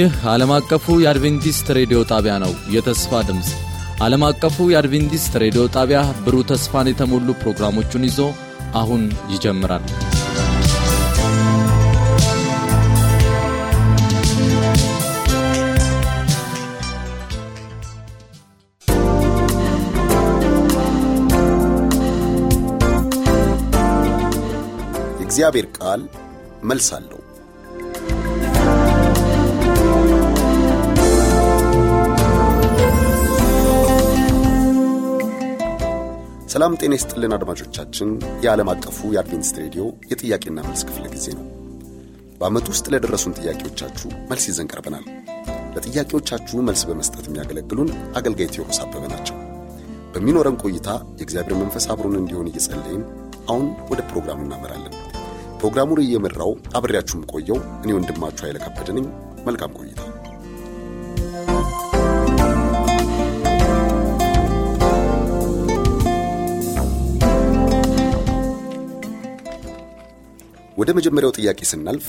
ይህ ዓለም አቀፉ የአድቬንቲስት ሬዲዮ ጣቢያ ነው። የተስፋ ድምፅ ዓለም አቀፉ የአድቬንቲስት ሬዲዮ ጣቢያ ብሩህ ተስፋን የተሞሉ ፕሮግራሞቹን ይዞ አሁን ይጀምራል። እግዚአብሔር ቃል መልስ አለው። ሰላም ጤና ይስጥልን አድማጮቻችን። የዓለም አቀፉ የአድቬንስት ሬዲዮ የጥያቄና መልስ ክፍለ ጊዜ ነው። በአመቱ ውስጥ ለደረሱን ጥያቄዎቻችሁ መልስ ይዘን ቀርበናል። ለጥያቄዎቻችሁ መልስ በመስጠት የሚያገለግሉን አገልጋይ ቴዎድሮስ አበበ ናቸው። በሚኖረን ቆይታ የእግዚአብሔር መንፈስ አብሮን እንዲሆን እየጸለይን አሁን ወደ ፕሮግራሙ እናመራለን። ፕሮግራሙን እየመራው አብሬያችሁም ቆየው እኔ ወንድማችሁ ኃይለ መልካም ቆይታ ወደ መጀመሪያው ጥያቄ ስናልፍ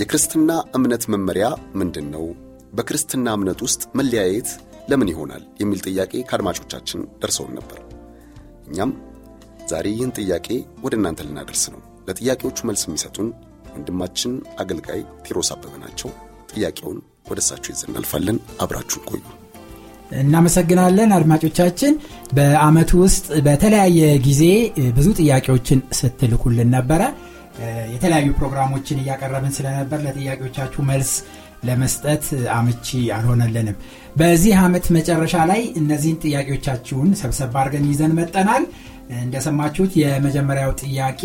የክርስትና እምነት መመሪያ ምንድን ነው? በክርስትና እምነት ውስጥ መለያየት ለምን ይሆናል? የሚል ጥያቄ ከአድማጮቻችን ደርሰውን ነበር። እኛም ዛሬ ይህን ጥያቄ ወደ እናንተ ልናደርስ ነው። ለጥያቄዎቹ መልስ የሚሰጡን ወንድማችን አገልጋይ ቴሮስ አበበ ናቸው። ጥያቄውን ወደ እሳቸው ይዘን እናልፋለን። አብራችሁን ቆዩ። እናመሰግናለን አድማጮቻችን። በአመቱ ውስጥ በተለያየ ጊዜ ብዙ ጥያቄዎችን ስትልኩልን ነበረ። የተለያዩ ፕሮግራሞችን እያቀረብን ስለነበር ለጥያቄዎቻችሁ መልስ ለመስጠት አመቺ አልሆነልንም። በዚህ ዓመት መጨረሻ ላይ እነዚህን ጥያቄዎቻችሁን ሰብሰብ አድርገን ይዘን መጠናል። እንደሰማችሁት የመጀመሪያው ጥያቄ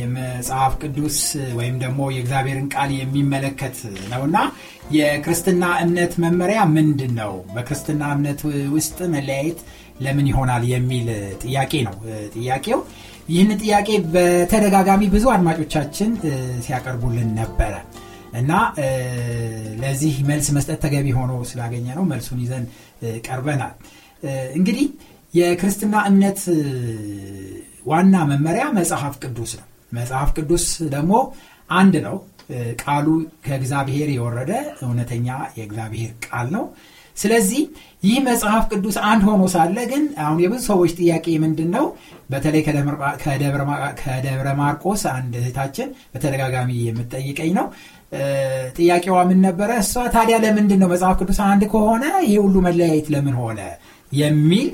የመጽሐፍ ቅዱስ ወይም ደግሞ የእግዚአብሔርን ቃል የሚመለከት ነውና የክርስትና እምነት መመሪያ ምንድን ነው? በክርስትና እምነት ውስጥ መለያየት ለምን ይሆናል? የሚል ጥያቄ ነው ጥያቄው ይህን ጥያቄ በተደጋጋሚ ብዙ አድማጮቻችን ሲያቀርቡልን ነበረ እና ለዚህ መልስ መስጠት ተገቢ ሆኖ ስላገኘ ነው መልሱን ይዘን ቀርበናል እንግዲህ የክርስትና እምነት ዋና መመሪያ መጽሐፍ ቅዱስ ነው መጽሐፍ ቅዱስ ደግሞ አንድ ነው ቃሉ ከእግዚአብሔር የወረደ እውነተኛ የእግዚአብሔር ቃል ነው ስለዚህ ይህ መጽሐፍ ቅዱስ አንድ ሆኖ ሳለ ግን አሁን የብዙ ሰዎች ጥያቄ ምንድን ነው? በተለይ ከደብረ ማርቆስ አንድ እህታችን በተደጋጋሚ የምትጠይቀኝ ነው። ጥያቄዋ ምን ነበረ? እሷ ታዲያ ለምንድን ነው መጽሐፍ ቅዱስ አንድ ከሆነ ይህ ሁሉ መለያየት ለምን ሆነ የሚል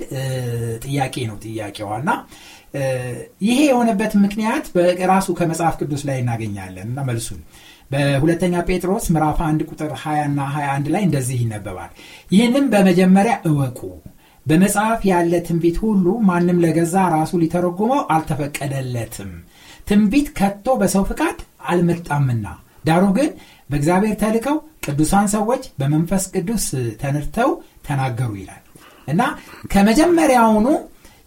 ጥያቄ ነው ጥያቄዋ እና ይሄ የሆነበት ምክንያት በራሱ ከመጽሐፍ ቅዱስ ላይ እናገኛለን እና መልሱን በሁለተኛ ጴጥሮስ ምዕራፍ 1 ቁጥር 20 ና 21 ላይ እንደዚህ ይነበባል። ይህንም በመጀመሪያ እወቁ፣ በመጽሐፍ ያለ ትንቢት ሁሉ ማንም ለገዛ ራሱ ሊተረጉመው አልተፈቀደለትም። ትንቢት ከቶ በሰው ፍቃድ አልመጣምና፣ ዳሩ ግን በእግዚአብሔር ተልከው ቅዱሳን ሰዎች በመንፈስ ቅዱስ ተነድተው ተናገሩ ይላል እና ከመጀመሪያውኑ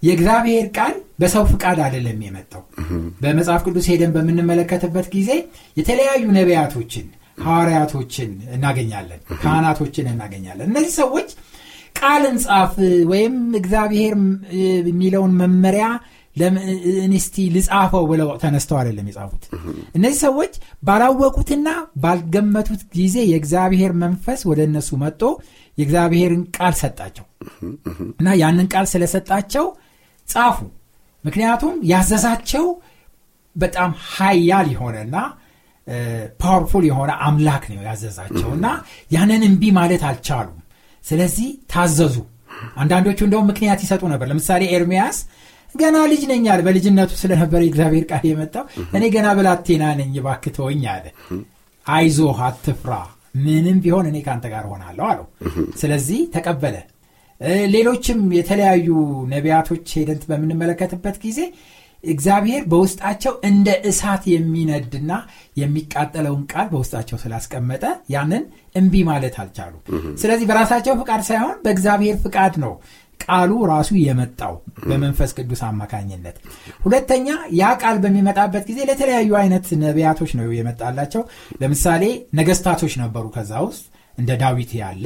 የእግዚአብሔር ቃል በሰው ፍቃድ አይደለም የመጣው በመጽሐፍ ቅዱስ ሄደን በምንመለከትበት ጊዜ የተለያዩ ነቢያቶችን ሐዋርያቶችን እናገኛለን ካህናቶችን እናገኛለን እነዚህ ሰዎች ቃልን ጻፍ ወይም እግዚአብሔር የሚለውን መመሪያ ለእንስቲ ልጻፈው ብለው ተነስተው አይደለም የጻፉት እነዚህ ሰዎች ባላወቁትና ባልገመቱት ጊዜ የእግዚአብሔር መንፈስ ወደ እነሱ መጦ የእግዚአብሔርን ቃል ሰጣቸው እና ያንን ቃል ስለሰጣቸው ጻፉ ምክንያቱም ያዘዛቸው በጣም ሀያል የሆነና ፓወርፉል የሆነ አምላክ ነው ያዘዛቸው እና ያንን እምቢ ማለት አልቻሉም። ስለዚህ ታዘዙ። አንዳንዶቹ እንደውም ምክንያት ይሰጡ ነበር። ለምሳሌ ኤርሚያስ ገና ልጅ ነኝ አለ። በልጅነቱ ስለነበረ እግዚአብሔር ቃል የመጣው እኔ ገና ብላቴና ነኝ እባክህ አለ። አይዞህ አትፍራ፣ ምንም ቢሆን እኔ ከአንተ ጋር ሆናለሁ አለው። ስለዚህ ተቀበለ። ሌሎችም የተለያዩ ነቢያቶች ሄደንት በምንመለከትበት ጊዜ እግዚአብሔር በውስጣቸው እንደ እሳት የሚነድና የሚቃጠለውን ቃል በውስጣቸው ስላስቀመጠ ያንን እምቢ ማለት አልቻሉ። ስለዚህ በራሳቸው ፍቃድ ሳይሆን በእግዚአብሔር ፍቃድ ነው ቃሉ ራሱ የመጣው በመንፈስ ቅዱስ አማካኝነት። ሁለተኛ ያ ቃል በሚመጣበት ጊዜ ለተለያዩ አይነት ነቢያቶች ነው የመጣላቸው። ለምሳሌ ነገስታቶች ነበሩ ከዛ ውስጥ እንደ ዳዊት ያለ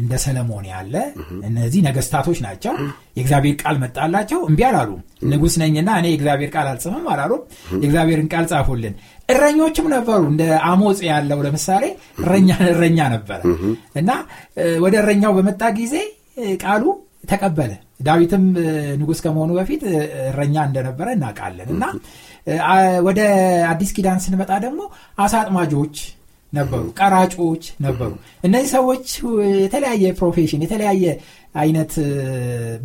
እንደ ሰለሞን ያለ እነዚህ ነገስታቶች ናቸው የእግዚአብሔር ቃል መጣላቸው እምቢ አላሉ ንጉስ ነኝና እኔ የእግዚአብሔር ቃል አልጽፍም አላሉ የእግዚአብሔርን ቃል ጻፉልን እረኞችም ነበሩ እንደ አሞፅ ያለው ለምሳሌ እረኛ እረኛ ነበረ እና ወደ እረኛው በመጣ ጊዜ ቃሉ ተቀበለ ዳዊትም ንጉስ ከመሆኑ በፊት እረኛ እንደነበረ እናውቃለን እና ወደ አዲስ ኪዳን ስንመጣ ደግሞ አሳጥማጆች። ነበሩ፣ ቀራጮች ነበሩ። እነዚህ ሰዎች የተለያየ ፕሮፌሽን የተለያየ አይነት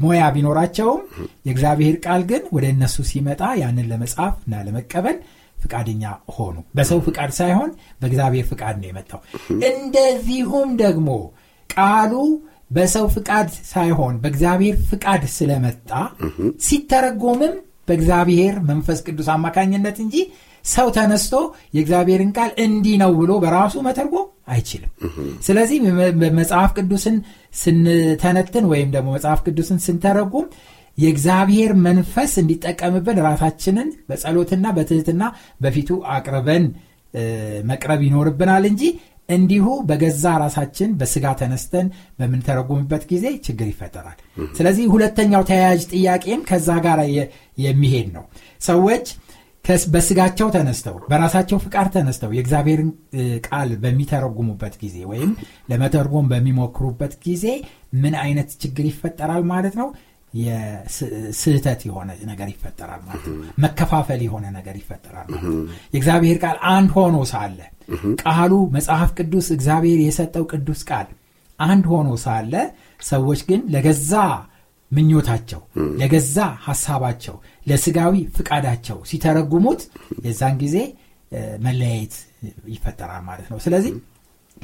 ሙያ ቢኖራቸውም የእግዚአብሔር ቃል ግን ወደ እነሱ ሲመጣ ያንን ለመጻፍ እና ለመቀበል ፍቃደኛ ሆኑ። በሰው ፍቃድ ሳይሆን በእግዚአብሔር ፍቃድ ነው የመጣው። እንደዚሁም ደግሞ ቃሉ በሰው ፍቃድ ሳይሆን በእግዚአብሔር ፍቃድ ስለመጣ ሲተረጎምም በእግዚአብሔር መንፈስ ቅዱስ አማካኝነት እንጂ ሰው ተነስቶ የእግዚአብሔርን ቃል እንዲህ ነው ብሎ በራሱ መተርጎም አይችልም። ስለዚህ መጽሐፍ ቅዱስን ስንተነትን ወይም ደግሞ መጽሐፍ ቅዱስን ስንተረጉም የእግዚአብሔር መንፈስ እንዲጠቀምብን ራሳችንን በጸሎትና በትህትና በፊቱ አቅርበን መቅረብ ይኖርብናል እንጂ እንዲሁ በገዛ ራሳችን በስጋ ተነስተን በምንተረጉምበት ጊዜ ችግር ይፈጠራል። ስለዚህ ሁለተኛው ተያያዥ ጥያቄም ከዛ ጋር የሚሄድ ነው። ሰዎች በስጋቸው ተነስተው በራሳቸው ፍቃድ ተነስተው የእግዚአብሔርን ቃል በሚተረጉሙበት ጊዜ ወይም ለመተርጎም በሚሞክሩበት ጊዜ ምን አይነት ችግር ይፈጠራል ማለት ነው? ስህተት የሆነ ነገር ይፈጠራል ማለት ነው። መከፋፈል የሆነ ነገር ይፈጠራል ማለት ነው። የእግዚአብሔር ቃል አንድ ሆኖ ሳለ ቃሉ መጽሐፍ ቅዱስ እግዚአብሔር የሰጠው ቅዱስ ቃል አንድ ሆኖ ሳለ ሰዎች ግን ለገዛ ምኞታቸው፣ ለገዛ ሀሳባቸው፣ ለስጋዊ ፍቃዳቸው ሲተረጉሙት የዛን ጊዜ መለያየት ይፈጠራል ማለት ነው ስለዚህ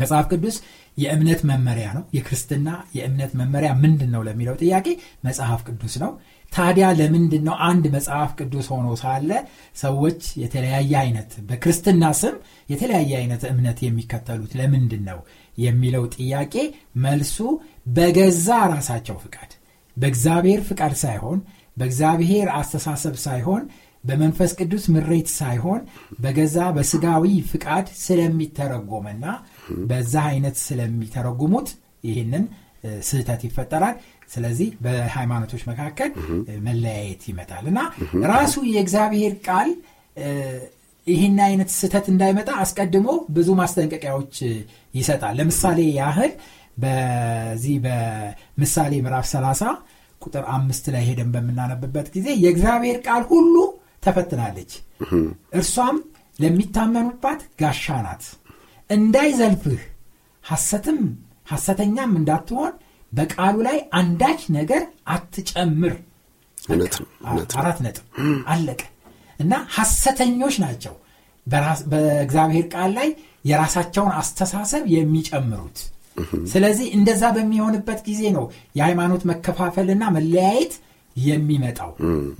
መጽሐፍ ቅዱስ የእምነት መመሪያ ነው የክርስትና የእምነት መመሪያ ምንድን ነው ለሚለው ጥያቄ መጽሐፍ ቅዱስ ነው ታዲያ ለምንድን ነው አንድ መጽሐፍ ቅዱስ ሆኖ ሳለ ሰዎች የተለያየ አይነት በክርስትና ስም የተለያየ አይነት እምነት የሚከተሉት ለምንድን ነው የሚለው ጥያቄ መልሱ በገዛ ራሳቸው ፍቃድ በእግዚአብሔር ፍቃድ ሳይሆን በእግዚአብሔር አስተሳሰብ ሳይሆን በመንፈስ ቅዱስ ምሬት ሳይሆን በገዛ በስጋዊ ፍቃድ ስለሚተረጎምና በዛ አይነት ስለሚተረጉሙት ይህንን ስህተት ይፈጠራል ስለዚህ በሃይማኖቶች መካከል መለያየት ይመጣል እና ራሱ የእግዚአብሔር ቃል ይህን አይነት ስህተት እንዳይመጣ አስቀድሞ ብዙ ማስጠንቀቂያዎች ይሰጣል ለምሳሌ ያህል በዚህ በምሳሌ ምዕራፍ 30 ቁጥር አምስት ላይ ሄደን በምናነብበት ጊዜ የእግዚአብሔር ቃል ሁሉ ተፈትናለች እርሷም ለሚታመኑባት ጋሻ ናት እንዳይዘልፍህ ሐሰትም ሐሰተኛም እንዳትሆን በቃሉ ላይ አንዳች ነገር አትጨምር አራት ነጥብ አለቀ እና ሐሰተኞች ናቸው በእግዚአብሔር ቃል ላይ የራሳቸውን አስተሳሰብ የሚጨምሩት ስለዚህ እንደዛ በሚሆንበት ጊዜ ነው የሃይማኖት መከፋፈልና መለያየት የሚመጣው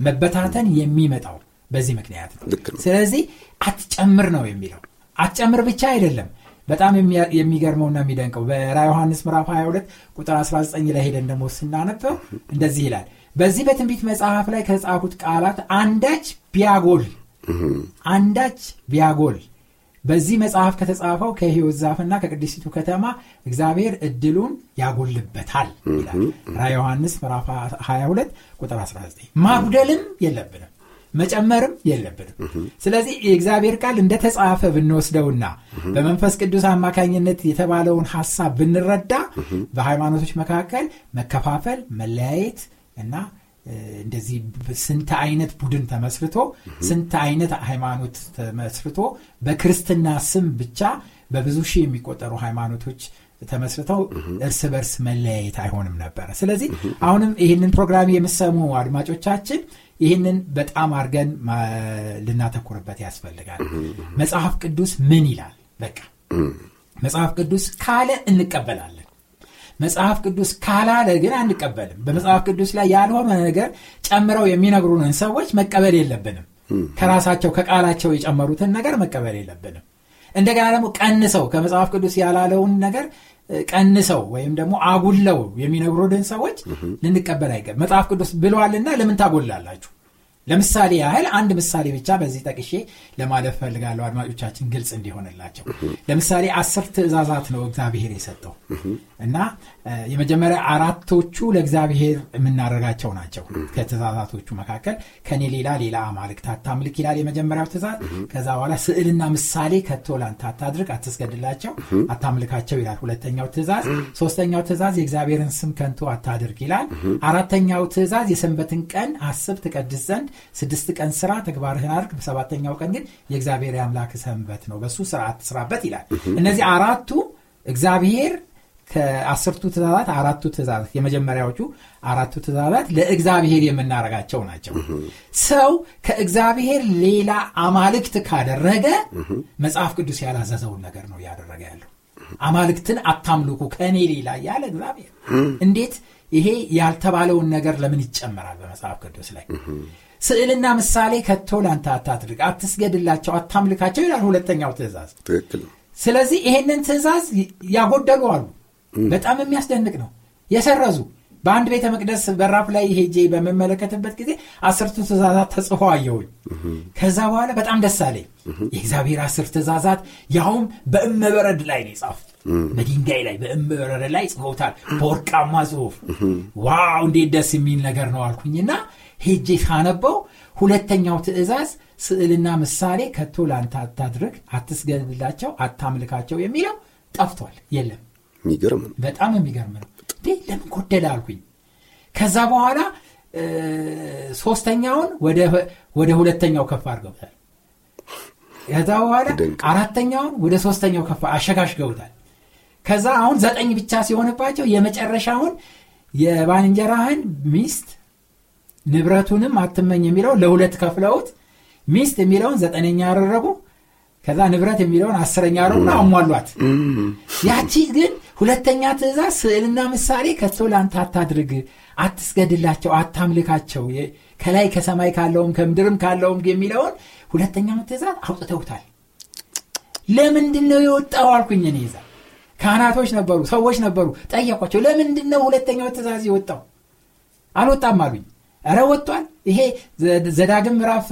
መበታተን የሚመጣው በዚህ ምክንያት ነው ስለዚህ አትጨምር ነው የሚለው አትጨምር ብቻ አይደለም በጣም የሚገርመውና የሚደንቀው በራ ዮሐንስ ምዕራፍ 22 ቁጥር 19 ላይ ሄደን ደግሞ ስናነበው እንደዚህ ይላል በዚህ በትንቢት መጽሐፍ ላይ ከተጻፉት ቃላት አንዳች ቢያጎል አንዳች ቢያጎል በዚህ መጽሐፍ ከተጻፈው ከህይወት ዛፍና ከቅድስቲቱ ከተማ እግዚአብሔር እድሉን ያጎልበታል ይላል ራዕየ ዮሐንስ ምዕራፍ 22 ቁጥር 19። ማጉደልም የለብንም መጨመርም የለብንም። ስለዚህ የእግዚአብሔር ቃል እንደተጻፈ ብንወስደውና በመንፈስ ቅዱስ አማካኝነት የተባለውን ሐሳብ ብንረዳ በሃይማኖቶች መካከል መከፋፈል፣ መለያየት እና እንደዚህ ስንት አይነት ቡድን ተመስርቶ ስንት አይነት ሃይማኖት ተመስርቶ በክርስትና ስም ብቻ በብዙ ሺህ የሚቆጠሩ ሃይማኖቶች ተመስርተው እርስ በርስ መለያየት አይሆንም ነበረ ስለዚህ አሁንም ይህንን ፕሮግራም የምሰሙ አድማጮቻችን ይህንን በጣም አድርገን ልናተኩርበት ያስፈልጋል መጽሐፍ ቅዱስ ምን ይላል በቃ መጽሐፍ ቅዱስ ካለ እንቀበላለን መጽሐፍ ቅዱስ ካላለ ግን አንቀበልም። በመጽሐፍ ቅዱስ ላይ ያልሆነ ነገር ጨምረው የሚነግሩንን ሰዎች መቀበል የለብንም። ከራሳቸው ከቃላቸው የጨመሩትን ነገር መቀበል የለብንም። እንደገና ደግሞ ቀንሰው ከመጽሐፍ ቅዱስ ያላለውን ነገር ቀንሰው ወይም ደግሞ አጉለው የሚነግሩልን ሰዎች ልንቀበል አይገ መጽሐፍ ቅዱስ ብሏልና ለምን ታጎላላችሁ ለምሳሌ ያህል አንድ ምሳሌ ብቻ በዚህ ጠቅሼ ለማለፍ ፈልጋለሁ አድማጮቻችን ግልጽ እንዲሆንላቸው ለምሳሌ አስር ትእዛዛት ነው እግዚአብሔር የሰጠው እና የመጀመሪያ አራቶቹ ለእግዚአብሔር የምናደርጋቸው ናቸው ከትእዛዛቶቹ መካከል ከኔ ሌላ ሌላ አማልክ ታታምልክ ይላል የመጀመሪያው ትእዛዝ ከዛ በኋላ ስዕልና ምሳሌ ከቶላን ታታድርግ አትስገድላቸው አታምልካቸው ይላል ሁለተኛው ትእዛዝ ሶስተኛው ትእዛዝ የእግዚአብሔርን ስም ከንቱ አታድርግ ይላል አራተኛው ትእዛዝ የሰንበትን ቀን አስብ ትቀድስ ዘንድ ስድስት ቀን ስራ ተግባርህን አድርግ፣ በሰባተኛው ቀን ግን የእግዚአብሔር የአምላክ ሰንበት ነው፣ በሱ ስርዓት ትስራበት ይላል። እነዚህ አራቱ እግዚአብሔር ከአስርቱ ትእዛዛት አራቱ ትእዛዛት የመጀመሪያዎቹ አራቱ ትእዛዛት ለእግዚአብሔር የምናረጋቸው ናቸው። ሰው ከእግዚአብሔር ሌላ አማልክት ካደረገ መጽሐፍ ቅዱስ ያላዘዘውን ነገር ነው እያደረገ ያለው። አማልክትን አታምልኩ ከእኔ ሌላ ያለ እግዚአብሔር እንዴት ይሄ ያልተባለውን ነገር ለምን ይጨመራል በመጽሐፍ ቅዱስ ላይ ስዕልና ምሳሌ ከቶ ለአንተ አታድርግ አትስገድላቸው አታምልካቸው ይላል ሁለተኛው ትእዛዝ ስለዚህ ይሄንን ትእዛዝ ያጎደሉ አሉ በጣም የሚያስደንቅ ነው የሰረዙ በአንድ ቤተ መቅደስ በራፍ ላይ ሄጄ በመመለከትበት ጊዜ አስርቱ ትእዛዛት ተጽፎ አየውኝ ከዛ በኋላ በጣም ደስ አለኝ። የእግዚአብሔር አስር ትእዛዛት ያውም በእመበረድ ላይ ነው የጻፉት። በድንጋይ ላይ በእመበረድ ላይ ጽፎታል፣ በወርቃማ ጽሁፍ። ዋው እንዴት ደስ የሚል ነገር ነው አልኩኝና ሄጄ ሳነበው ሁለተኛው ትእዛዝ ስዕልና ምሳሌ ከቶ ለአንተ አታድርግ፣ አትስገድላቸው፣ አታምልካቸው የሚለው ጠፍቷል፣ የለም የሚገርም ነው። በጣም የሚገርም ነው። ለምን ጎደል አልኩኝ። ከዛ በኋላ ሶስተኛውን ወደ ሁለተኛው ከፍ አድርገውታል። ከዛ በኋላ አራተኛውን ወደ ሶስተኛው ከፍ አሸጋሽገውታል። ከዛ አሁን ዘጠኝ ብቻ ሲሆንባቸው የመጨረሻውን የባልንጀራህን ሚስት ንብረቱንም አትመኝ የሚለው ለሁለት ከፍለውት ሚስት የሚለውን ዘጠነኛ ያደረጉ ከዛ ንብረት የሚለውን አስረኛ ያደረጉ አሟሏት። ያቺ ግን ሁለተኛ ትእዛዝ ስዕልና ምሳሌ ከቶ ለአንተ አታድርግ፣ አትስገድላቸው፣ አታምልካቸው ከላይ ከሰማይ ካለውም ከምድርም ካለውም የሚለውን ሁለተኛውን ትእዛዝ አውጥተውታል። ለምንድን ነው የወጣው አልኩኝ። እኔ ይዛ ካህናቶች ነበሩ፣ ሰዎች ነበሩ። ጠየኳቸው፣ ለምንድን ነው ሁለተኛው ትእዛዝ የወጣው? አልወጣም አሉኝ። ረ ወጥቷል። ይሄ ዘዳግም ምዕራፍ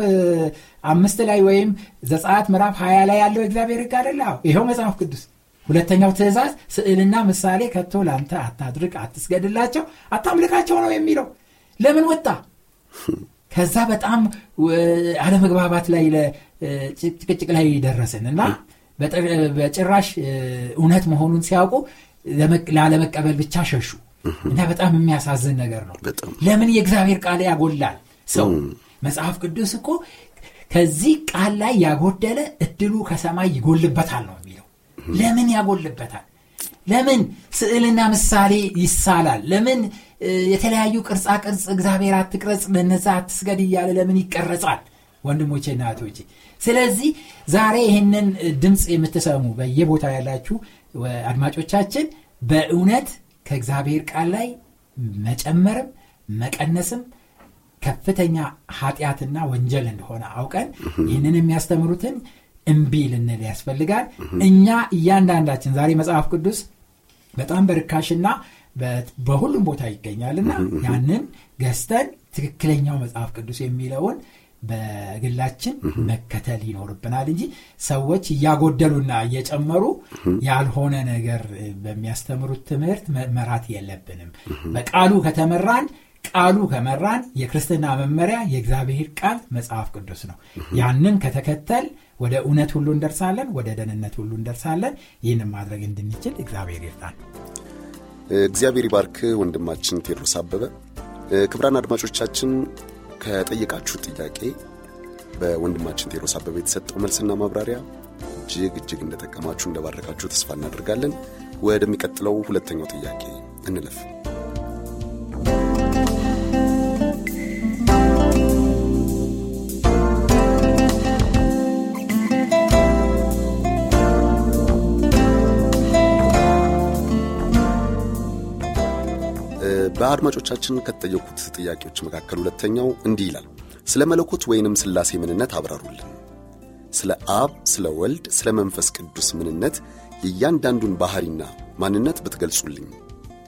አምስት ላይ ወይም ዘጻት ምዕራፍ ሀያ ላይ ያለው እግዚአብሔር ሕግ አይደለ? ይኸው መጽሐፍ ቅዱስ ሁለተኛው ትእዛዝ ስዕልና ምሳሌ ከቶ ለአንተ አታድርግ አትስገድላቸው አታምልካቸው ነው የሚለው ለምን ወጣ ከዛ በጣም አለመግባባት ላይ ጭቅጭቅ ላይ ደረስን እና በጭራሽ እውነት መሆኑን ሲያውቁ ላለመቀበል ብቻ ሸሹ እና በጣም የሚያሳዝን ነገር ነው ለምን የእግዚአብሔር ቃል ያጎላል ሰው መጽሐፍ ቅዱስ እኮ ከዚህ ቃል ላይ ያጎደለ እድሉ ከሰማይ ይጎልበታል ነው የሚለው ለምን ያጎልበታል? ለምን ስዕልና ምሳሌ ይሳላል? ለምን የተለያዩ ቅርጻ ቅርጽ እግዚአብሔር አትቅረጽ፣ ለነዛ አትስገድ እያለ ለምን ይቀረጻል? ወንድሞቼና እህቶቼ፣ ስለዚህ ዛሬ ይህንን ድምፅ የምትሰሙ በየቦታ ያላችሁ አድማጮቻችን በእውነት ከእግዚአብሔር ቃል ላይ መጨመርም መቀነስም ከፍተኛ ኃጢአትና ወንጀል እንደሆነ አውቀን ይህንን የሚያስተምሩትን እምቢ ልንል ያስፈልጋል እኛ እያንዳንዳችን ዛሬ መጽሐፍ ቅዱስ በጣም በርካሽና በሁሉም ቦታ ይገኛልና ያንን ገዝተን ትክክለኛው መጽሐፍ ቅዱስ የሚለውን በግላችን መከተል ይኖርብናል እንጂ ሰዎች እያጎደሉና እየጨመሩ ያልሆነ ነገር በሚያስተምሩት ትምህርት መመራት የለብንም በቃሉ ከተመራን ቃሉ ከመራን የክርስትና መመሪያ የእግዚአብሔር ቃል መጽሐፍ ቅዱስ ነው ያንን ከተከተል ወደ እውነት ሁሉ እንደርሳለን፣ ወደ ደህንነት ሁሉ እንደርሳለን። ይህንን ማድረግ እንድንችል እግዚአብሔር ይርዳል። እግዚአብሔር ይባርክ ወንድማችን ቴድሮስ አበበ። ክብራን አድማጮቻችን ከጠየቃችሁ ጥያቄ በወንድማችን ቴድሮስ አበበ የተሰጠው መልስና ማብራሪያ እጅግ እጅግ እንደጠቀማችሁ እንደባረካችሁ ተስፋ እናደርጋለን። ወደሚቀጥለው ሁለተኛው ጥያቄ እንለፍ። አድማጮቻችን ከተጠየቁት ጥያቄዎች መካከል ሁለተኛው እንዲህ ይላል። ስለ መለኮት ወይንም ስላሴ ምንነት አብራሩልን። ስለ አብ፣ ስለ ወልድ፣ ስለ መንፈስ ቅዱስ ምንነት የእያንዳንዱን ባህሪና ማንነት ብትገልጹልኝ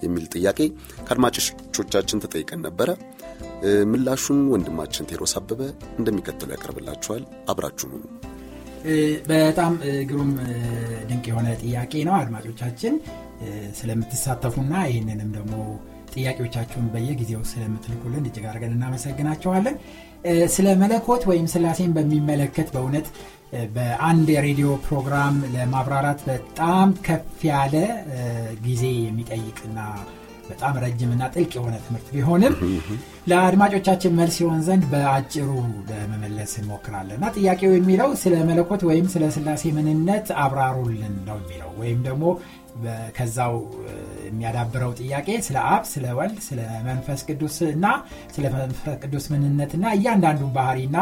የሚል ጥያቄ ከአድማጮቻችን ተጠይቀን ነበረ። ምላሹን ወንድማችን ቴሮስ አበበ እንደሚከተሉ ያቀርብላችኋል። አብራችሁ ሁኑ። በጣም ግሩም ድንቅ የሆነ ጥያቄ ነው። አድማጮቻችን ስለምትሳተፉና ይህንንም ደግሞ ጥያቄዎቻችሁን በየጊዜው ስለምትልኩልን እጅግ አድርገን እናመሰግናቸዋለን ስለ መለኮት ወይም ስላሴን በሚመለከት በእውነት በአንድ የሬዲዮ ፕሮግራም ለማብራራት በጣም ከፍ ያለ ጊዜ የሚጠይቅና በጣም ረጅምና ጥልቅ የሆነ ትምህርት ቢሆንም ለአድማጮቻችን መልስ ይሆን ዘንድ በአጭሩ ለመመለስ እንሞክራለን እና ጥያቄው የሚለው ስለ መለኮት ወይም ስለ ስላሴ ምንነት አብራሩልን ነው የሚለው ወይም ደግሞ ከዛው የሚያዳብረው ጥያቄ ስለ አብ ስለ ወልድ ስለ መንፈስ ቅዱስ እና ስለ መንፈስ ቅዱስ እና እያንዳንዱን ባህሪና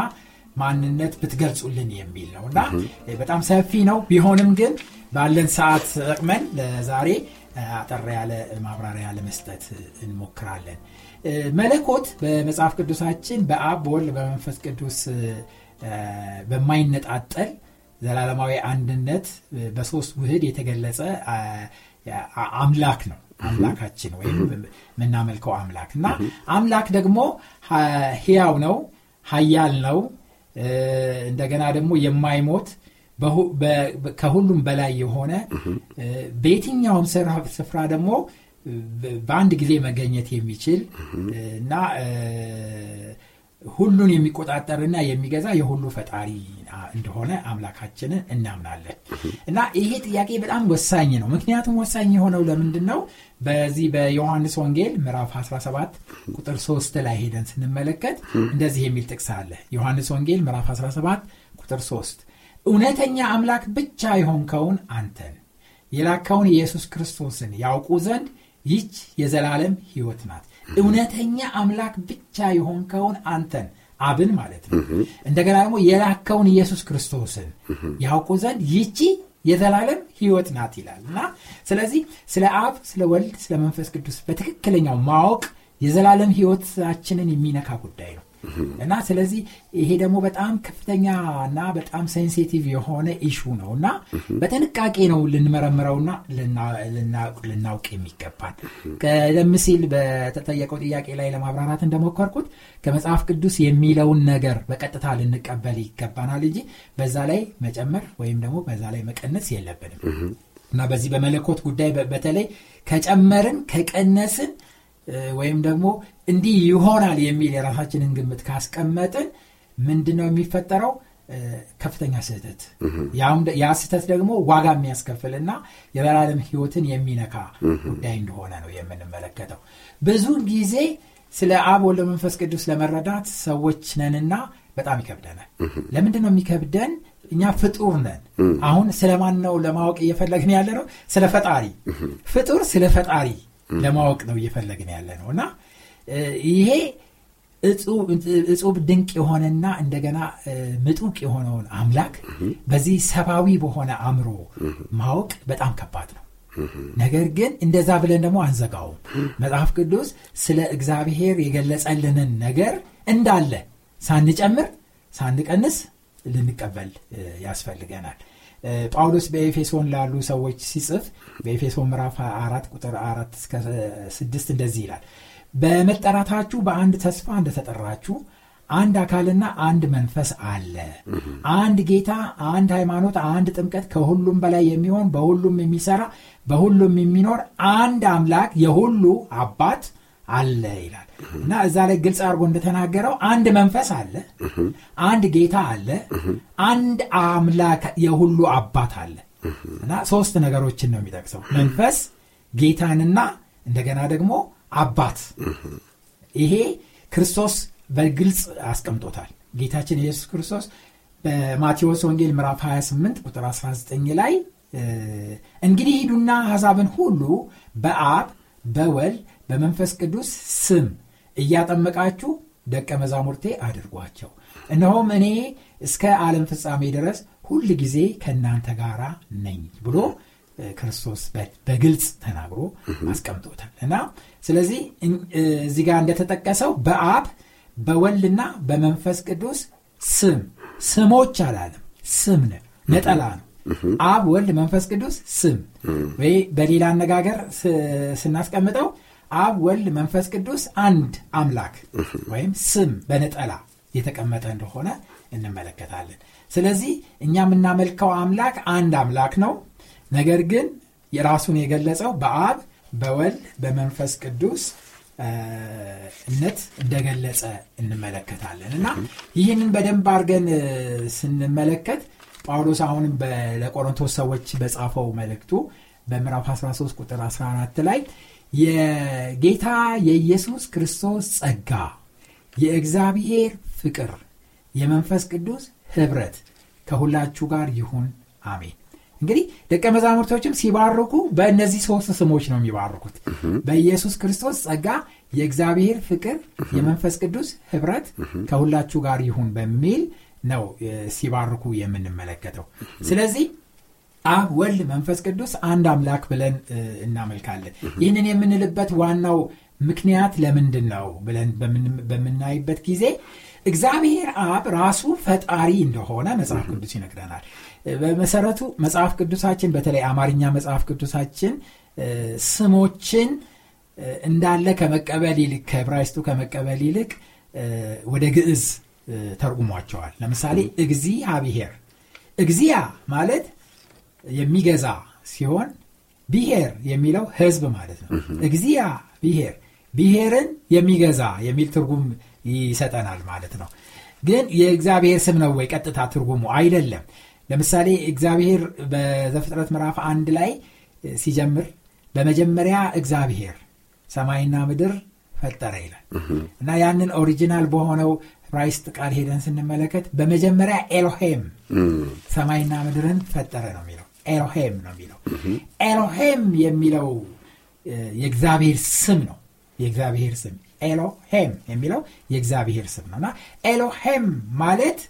ማንነት ብትገልጹልን የሚል ነው እና በጣም ሰፊ ነው ቢሆንም ግን ባለን ሰዓት ተጠቅመን ለዛሬ አጠር ያለ ማብራሪያ ለመስጠት እንሞክራለን መለኮት በመጽሐፍ ቅዱሳችን በአብ በወልድ በመንፈስ ቅዱስ በማይነጣጠል ዘላለማዊ አንድነት በሶስት ውህድ የተገለጸ አምላክ ነው አምላካችን ወይም የምናመልከው አምላክ እና አምላክ ደግሞ ህያው ነው ሀያል ነው እንደገና ደግሞ የማይሞት ከሁሉም በላይ የሆነ በየትኛውም ስፍራ ደግሞ በአንድ ጊዜ መገኘት የሚችል እና ሁሉን የሚቆጣጠርና የሚገዛ የሁሉ ፈጣሪ እንደሆነ አምላካችንን እናምናለን እና ይሄ ጥያቄ በጣም ወሳኝ ነው ምክንያቱም ወሳኝ የሆነው ለምንድን ነው በዚህ በዮሐንስ ወንጌል ምዕራፍ 17 ቁጥር 3 ላይ ሄደን ስንመለከት እንደዚህ የሚል ጥቅስ አለ ዮሐንስ ወንጌል ምዕራፍ 17 ቁጥር 3 እውነተኛ አምላክ ብቻ የሆንከውን አንተን የላከውን ኢየሱስ ክርስቶስን ያውቁ ዘንድ ይች የዘላለም ህይወት ናት። እውነተኛ አምላክ ብቻ የሆንከውን አንተን አብን ማለት ነው። እንደገና ደግሞ የላከውን ኢየሱስ ክርስቶስን ያውቁ ዘንድ ይቺ የዘላለም ህይወት ናት ይላል እና ስለዚህ ስለ አብ፣ ስለ ወልድ፣ ስለ መንፈስ ቅዱስ በትክክለኛው ማወቅ የዘላለም ህይወታችንን የሚነካ ጉዳይ ነው። እና ስለዚህ ይሄ ደግሞ በጣም ከፍተኛ እና በጣም ሴንሲቲቭ የሆነ ኢሹ ነው እና በጥንቃቄ ነው ልንመረምረውና ልናውቅ የሚገባል ቀደም ሲል በተጠየቀው ጥያቄ ላይ ለማብራራት እንደሞከርኩት ከመጽሐፍ ቅዱስ የሚለውን ነገር በቀጥታ ልንቀበል ይገባናል እንጂ በዛ ላይ መጨመር ወይም ደግሞ በዛ ላይ መቀነስ የለብንም እና በዚህ በመለኮት ጉዳይ በተለይ ከጨመርን ከቀነስን ወይም ደግሞ እንዲህ ይሆናል የሚል የራሳችንን ግምት ካስቀመጥን ምንድን ነው የሚፈጠረው ከፍተኛ ስህተት ያ ስህተት ደግሞ ዋጋ የሚያስከፍልና የበላለም ህይወትን የሚነካ ጉዳይ እንደሆነ ነው የምንመለከተው ብዙን ጊዜ ስለ አብ ወልድ መንፈስ ቅዱስ ለመረዳት ሰዎች ነንና በጣም ይከብደናል ለምንድን ነው የሚከብደን እኛ ፍጡር ነን አሁን ስለማን ነው ለማወቅ እየፈለግን ያለ ነው ስለ ፈጣሪ ፍጡር ስለ ፈጣሪ ለማወቅ ነው እየፈለግን ያለ ነው እና ይሄ እጹብ ድንቅ የሆነና እንደገና ምጡቅ የሆነውን አምላክ በዚህ ሰብአዊ በሆነ አእምሮ ማወቅ በጣም ከባድ ነው። ነገር ግን እንደዛ ብለን ደግሞ አንዘጋውም። መጽሐፍ ቅዱስ ስለ እግዚአብሔር የገለጸልንን ነገር እንዳለ ሳንጨምር ሳንቀንስ ልንቀበል ያስፈልገናል። ጳውሎስ በኤፌሶን ላሉ ሰዎች ሲጽፍ በኤፌሶን ምዕራፍ አራት ቁጥር አራት እስከ ስድስት እንደዚህ ይላል በመጠራታችሁ በአንድ ተስፋ እንደተጠራችሁ አንድ አካልና አንድ መንፈስ አለ አንድ ጌታ አንድ ሃይማኖት አንድ ጥምቀት ከሁሉም በላይ የሚሆን በሁሉም የሚሰራ በሁሉም የሚኖር አንድ አምላክ የሁሉ አባት አለ ይላል እና እዛ ላይ ግልጽ አድርጎ እንደተናገረው አንድ መንፈስ አለ አንድ ጌታ አለ አንድ አምላክ የሁሉ አባት አለ እና ሶስት ነገሮችን ነው የሚጠቅሰው መንፈስ ጌታንና እንደገና ደግሞ አባት ይሄ ክርስቶስ በግልጽ አስቀምጦታል ጌታችን ኢየሱስ ክርስቶስ በማቴዎስ ወንጌል ምዕራፍ 28 ቁጥር 19 ላይ እንግዲህ ሂዱና ሐሳብን ሁሉ በአብ በወልድ በመንፈስ ቅዱስ ስም እያጠመቃችሁ ደቀ መዛሙርቴ አድርጓቸው። እነሆም እኔ እስከ ዓለም ፍጻሜ ድረስ ሁል ጊዜ ከእናንተ ጋር ነኝ ብሎ ክርስቶስ በግልጽ ተናግሮ አስቀምጦታል እና ስለዚህ እዚህ ጋር እንደተጠቀሰው በአብ በወልድና በመንፈስ ቅዱስ ስም ስሞች አላለም። ስም ነጠላ ነው። አብ፣ ወልድ፣ መንፈስ ቅዱስ ስም ወይ በሌላ አነጋገር ስናስቀምጠው አብ ወልድ መንፈስ ቅዱስ አንድ አምላክ ወይም ስም በነጠላ የተቀመጠ እንደሆነ እንመለከታለን ስለዚህ እኛ የምናመልከው አምላክ አንድ አምላክ ነው ነገር ግን የራሱን የገለጸው በአብ በወልድ በመንፈስ ቅዱስ እነት እንደገለጸ እንመለከታለን እና ይህንን በደንብ አድርገን ስንመለከት ጳውሎስ አሁንም ለቆሮንቶስ ሰዎች በጻፈው መልእክቱ በምዕራፍ 13 ቁጥር 14 ላይ የጌታ የኢየሱስ ክርስቶስ ጸጋ የእግዚአብሔር ፍቅር የመንፈስ ቅዱስ ህብረት ከሁላችሁ ጋር ይሁን አሜን እንግዲህ ደቀ መዛሙርቶችም ሲባርኩ በእነዚህ ሶስት ስሞች ነው የሚባርኩት በኢየሱስ ክርስቶስ ጸጋ የእግዚአብሔር ፍቅር የመንፈስ ቅዱስ ህብረት ከሁላችሁ ጋር ይሁን በሚል ነው ሲባርኩ የምንመለከተው ስለዚህ አብ ወልድ መንፈስ ቅዱስ አንድ አምላክ ብለን እናመልካለን ይህንን የምንልበት ዋናው ምክንያት ለምንድን ነው ብለን በምናይበት ጊዜ እግዚአብሔር አብ ራሱ ፈጣሪ እንደሆነ መጽሐፍ ቅዱስ ይነግረናል በመሰረቱ መጽሐፍ ቅዱሳችን በተለይ አማርኛ መጽሐፍ ቅዱሳችን ስሞችን እንዳለ ከመቀበል ይልቅ ከብራይስቱ ከመቀበል ይልቅ ወደ ግዕዝ ተርጉሟቸዋል ለምሳሌ እግዚአብሔር እግዚያ ማለት የሚገዛ ሲሆን ብሔር የሚለው ህዝብ ማለት ነው። እግዚያ ብሔር ብሔርን የሚገዛ የሚል ትርጉም ይሰጠናል ማለት ነው። ግን የእግዚአብሔር ስም ነው ወይ ቀጥታ ትርጉሙ? አይደለም። ለምሳሌ እግዚአብሔር በዘፍጥረት ምዕራፍ አንድ ላይ ሲጀምር በመጀመሪያ እግዚአብሔር ሰማይና ምድር ፈጠረ ይላል እና ያንን ኦሪጂናል በሆነው ራይስጥ ቃል ሄደን ስንመለከት በመጀመሪያ ኤሎሄም ሰማይና ምድርን ፈጠረ ነው የሚለው ኤሎሄም ነው የሚለው ኤሎሄም የሚለው የእግዚአብሔር ስም ነው የእግዚአብሔር ስም ኤሎሄም የሚለው የእግዚአብሔር ስም ነው እና ኤሎሄም ማለት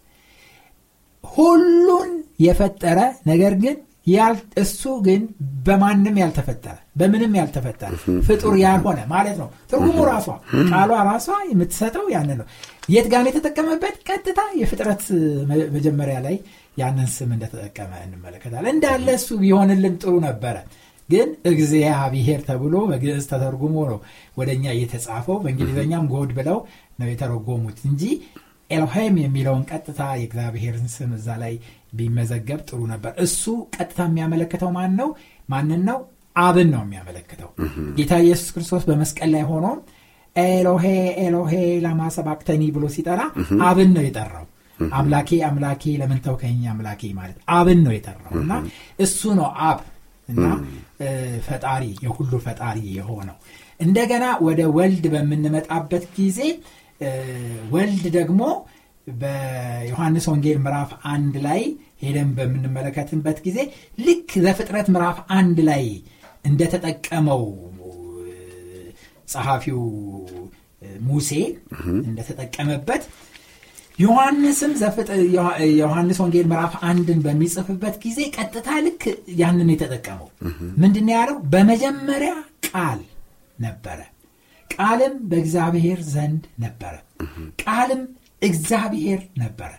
ሁሉን የፈጠረ ነገር ግን እሱ ግን በማንም ያልተፈጠረ በምንም ያልተፈጠረ ፍጡር ያልሆነ ማለት ነው ትርጉሙ ራሷ ቃሏ ራሷ የምትሰጠው ያንን ነው የት ጋን የተጠቀመበት ቀጥታ የፍጥረት መጀመሪያ ላይ ያንን ስም እንደተጠቀመ እንመለከታለን። እንዳለ እሱ ቢሆንልን ጥሩ ነበረ። ግን እግዚአብሔር ተብሎ በግዕዝ ተተርጉሞ ነው ወደኛ እየተጻፈው። በእንግሊዝኛም ጎድ ብለው ነው የተረጎሙት እንጂ ኤሎሄም የሚለውን ቀጥታ የእግዚአብሔርን ስም እዛ ላይ ቢመዘገብ ጥሩ ነበር። እሱ ቀጥታ የሚያመለክተው ማን ነው? ማንን ነው? አብን ነው የሚያመለክተው። ጌታ ኢየሱስ ክርስቶስ በመስቀል ላይ ሆኖ ኤሎሄ ኤሎሄ ላማ ብሎ ሲጠራ አብን ነው የጠራው። አምላኬ አምላኬ ለምን ተውከኝ አምላኬ ማለት አብን ነው የጠራው እና እሱ ነው አብ እና ፈጣሪ የሁሉ ፈጣሪ የሆነው እንደገና ወደ ወልድ በምንመጣበት ጊዜ ወልድ ደግሞ በዮሐንስ ወንጌል ምዕራፍ አንድ ላይ ሄደን በምንመለከትበት ጊዜ ልክ ለፍጥረት ምዕራፍ አንድ ላይ እንደተጠቀመው ጸሐፊው ሙሴ እንደተጠቀመበት ዮሐንስም ዮሐንስ ወንጌል ምዕራፍ አንድን በሚጽፍበት ጊዜ ቀጥታ ልክ ያንን የተጠቀመው ምንድን ያለው በመጀመሪያ ቃል ነበረ ቃልም በእግዚአብሔር ዘንድ ነበረ ቃልም እግዚአብሔር ነበረ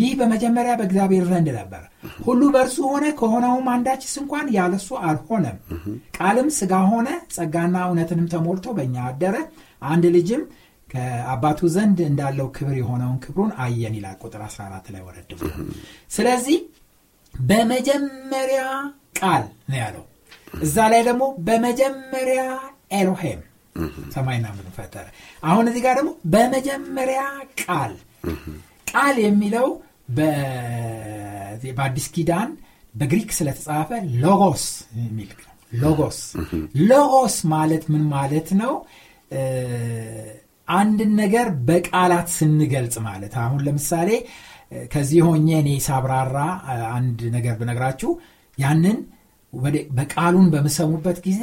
ይህ በመጀመሪያ በእግዚአብሔር ዘንድ ነበረ ሁሉ በእርሱ ሆነ ከሆነውም አንዳችስ እንኳን ያለሱ አልሆነም ቃልም ስጋ ሆነ ጸጋና እውነትንም ተሞልቶ በእኛ አደረ አንድ ልጅም ከአባቱ ዘንድ እንዳለው ክብር የሆነውን ክብሩን አየን ይላል ቁጥር 14 ላይ ወረድ ስለዚህ በመጀመሪያ ቃል ነው ያለው እዛ ላይ ደግሞ በመጀመሪያ ኤሎሄም ሰማይና ምድርን ፈጠረ አሁን እዚህ ጋር ደግሞ በመጀመሪያ ቃል ቃል የሚለው በአዲስ ኪዳን በግሪክ ስለተጻፈ ሎጎስ የሚል ሎጎስ ሎጎስ ማለት ምን ማለት ነው አንድን ነገር በቃላት ስንገልጽ ማለት አሁን ለምሳሌ ከዚህ ሆኜ እኔ ሳብራራ አንድ ነገር ብነግራችሁ ያንን በቃሉን በምሰሙበት ጊዜ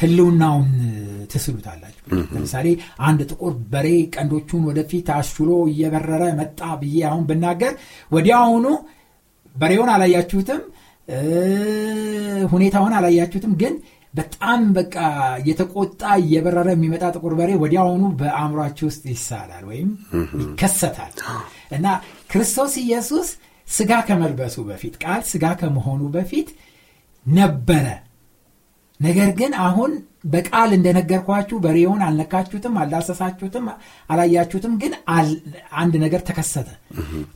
ህልውናውን ትስሉታላችሁ። ለምሳሌ አንድ ጥቁር በሬ ቀንዶቹን ወደፊት አሽሎ እየበረረ መጣ ብዬ አሁን ብናገር ወዲያውኑ በሬውን አላያችሁትም፣ ሁኔታውን አላያችሁትም፣ ግን በጣም በቃ የተቆጣ እየበረረ የሚመጣ ጥቁር በሬ ወዲያውኑ በአእምሯችሁ ውስጥ ይሳላል ወይም ይከሰታል እና ክርስቶስ ኢየሱስ ስጋ ከመልበሱ በፊት ቃል ስጋ ከመሆኑ በፊት ነበረ ነገር ግን አሁን በቃል እንደነገርኳችሁ በሬውን አልነካችሁትም አልዳሰሳችሁትም አላያችሁትም ግን አንድ ነገር ተከሰተ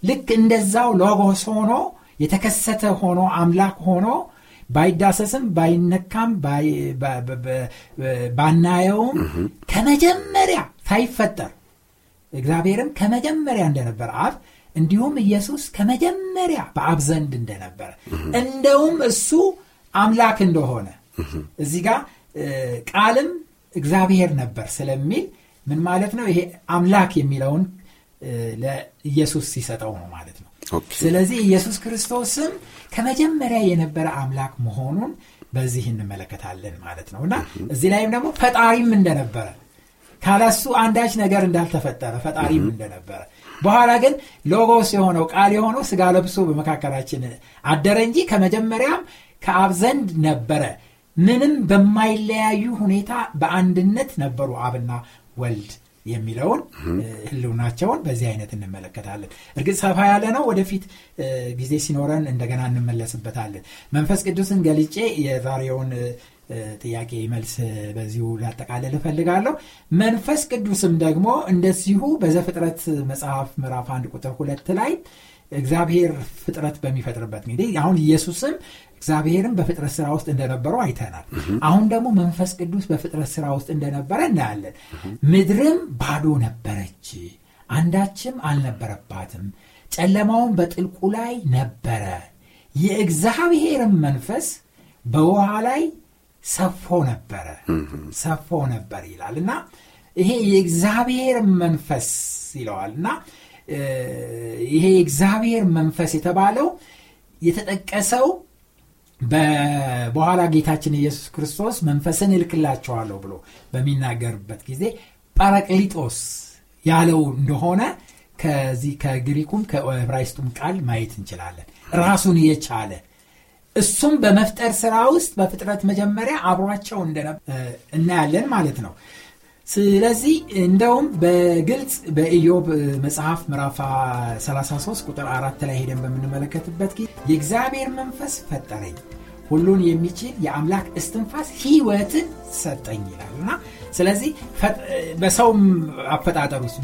ልክ እንደዛው ሎጎስ ሆኖ የተከሰተ ሆኖ አምላክ ሆኖ ባይዳሰስም ባይነካም ባናየውም ከመጀመሪያ ሳይፈጠር እግዚአብሔርም ከመጀመሪያ እንደነበር አብ እንዲሁም ኢየሱስ ከመጀመሪያ በአብ ዘንድ እንደነበረ እንደውም እሱ አምላክ እንደሆነ እዚህ ጋር ቃልም እግዚአብሔር ነበር ስለሚል ምን ማለት ነው ይሄ አምላክ የሚለውን ለኢየሱስ ሲሰጠው ነው ማለት ነው ስለዚህ ኢየሱስ ክርስቶስም ከመጀመሪያ የነበረ አምላክ መሆኑን በዚህ እንመለከታለን ማለት ነው እና እዚህ ላይም ደግሞ ፈጣሪም እንደነበረ ካለሱ አንዳች ነገር እንዳልተፈጠረ ፈጣሪም እንደነበረ በኋላ ግን ሎጎስ የሆነው ቃል የሆነው ስጋ ለብሶ በመካከላችን አደረ እንጂ ከመጀመሪያም ከአብ ዘንድ ነበረ ምንም በማይለያዩ ሁኔታ በአንድነት ነበሩ አብና ወልድ የሚለውን ህልውናቸውን በዚህ አይነት እንመለከታለን እርግጥ ሰፋ ያለ ነው ወደፊት ጊዜ ሲኖረን እንደገና እንመለስበታለን መንፈስ ቅዱስን ገልጬ የዛሬውን ጥያቄ መልስ በዚሁ ላጠቃለል እፈልጋለሁ መንፈስ ቅዱስም ደግሞ እንደዚሁ በዘፍጥረት መጽሐፍ ምዕራፍ አንድ ቁጥር ሁለት ላይ እግዚአብሔር ፍጥረት በሚፈጥርበት ጊዜ አሁን ኢየሱስም እግዚአብሔርም በፍጥረት ስራ ውስጥ እንደነበረው አይተናል። አሁን ደግሞ መንፈስ ቅዱስ በፍጥረት ስራ ውስጥ እንደነበረ እናያለን። ምድርም ባዶ ነበረች፣ አንዳችም አልነበረባትም፣ ጨለማውን በጥልቁ ላይ ነበረ። የእግዚአብሔርም መንፈስ በውሃ ላይ ሰፎ ነበረ ሰፎ ነበር ይላል እና ይሄ የእግዚአብሔር መንፈስ ይለዋል እና ይሄ እግዚአብሔር መንፈስ የተባለው የተጠቀሰው በኋላ ጌታችን ኢየሱስ ክርስቶስ መንፈስን እልክላቸዋለሁ ብሎ በሚናገርበት ጊዜ ጳራቅሊጦስ ያለው እንደሆነ ከዚህ ከግሪኩም ከዕብራይስጡም ቃል ማየት እንችላለን ራሱን የቻለ እሱም በመፍጠር ስራ ውስጥ በፍጥረት መጀመሪያ አብሯቸው እናያለን ማለት ነው ስለዚህ እንደውም በግልጽ በኢዮብ መጽሐፍ ምዕራፍ 33 ቁጥር አራት ላይ ሄደን በምንመለከትበት ጊዜ የእግዚአብሔር መንፈስ ፈጠረኝ ሁሉን የሚችል የአምላክ እስትንፋስ ህይወትን ሰጠኝ ይላል እና ስለዚህ በሰውም አፈጣጠር ውስጥ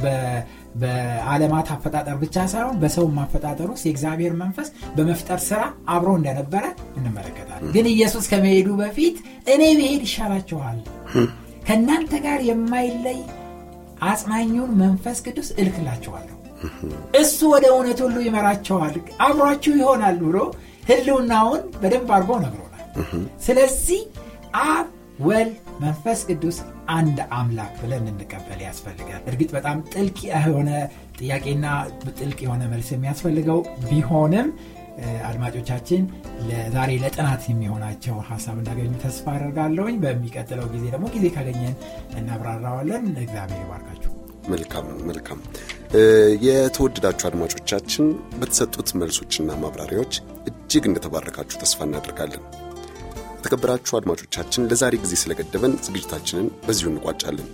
በዓለማት አፈጣጠር ብቻ ሳይሆን በሰውም አፈጣጠር ውስጥ የእግዚአብሔር መንፈስ በመፍጠር ስራ አብሮ እንደነበረ እንመለከታለን። ግን ኢየሱስ ከመሄዱ በፊት እኔ ብሄድ ይሻላችኋል hm ከእናንተ ጋር የማይለይ አጽናኙን መንፈስ ቅዱስ እልክላቸዋለሁ። እሱ ወደ እውነት ሁሉ ይመራቸዋል አብሯችሁ ይሆናል ብሎ ህልውናውን በደንብ አድርጎ ነግሮናል ስለዚህ አብ ወል መንፈስ ቅዱስ አንድ አምላክ ብለን እንቀበል ያስፈልጋል እርግጥ በጣም ጥልቅ የሆነ ጥያቄና ጥልቅ የሆነ መልስ የሚያስፈልገው ቢሆንም አድማጮቻችን ለዛሬ ለጥናት የሚሆናቸው ሀሳብ እንዳገኙ ተስፋ አደርጋለሁኝ። በሚቀጥለው ጊዜ ደግሞ ጊዜ ካገኘን እናብራራዋለን። እግዚአብሔር ይባርካችሁ። መልካም መልካም። የተወደዳችሁ አድማጮቻችን በተሰጡት መልሶችና ማብራሪያዎች እጅግ እንደተባረካችሁ ተስፋ እናደርጋለን። የተከበራችሁ አድማጮቻችን ለዛሬ ጊዜ ስለገደበን ዝግጅታችንን በዚሁ እንቋጫለን።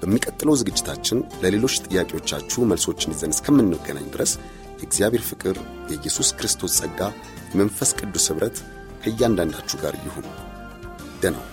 በሚቀጥለው ዝግጅታችን ለሌሎች ጥያቄዎቻችሁ መልሶችን ይዘን እስከምንገናኝ ድረስ የእግዚአብሔር ፍቅር፣ የኢየሱስ ክርስቶስ ጸጋ፣ የመንፈስ ቅዱስ ኅብረት ከእያንዳንዳችሁ ጋር ይሁን። ደናው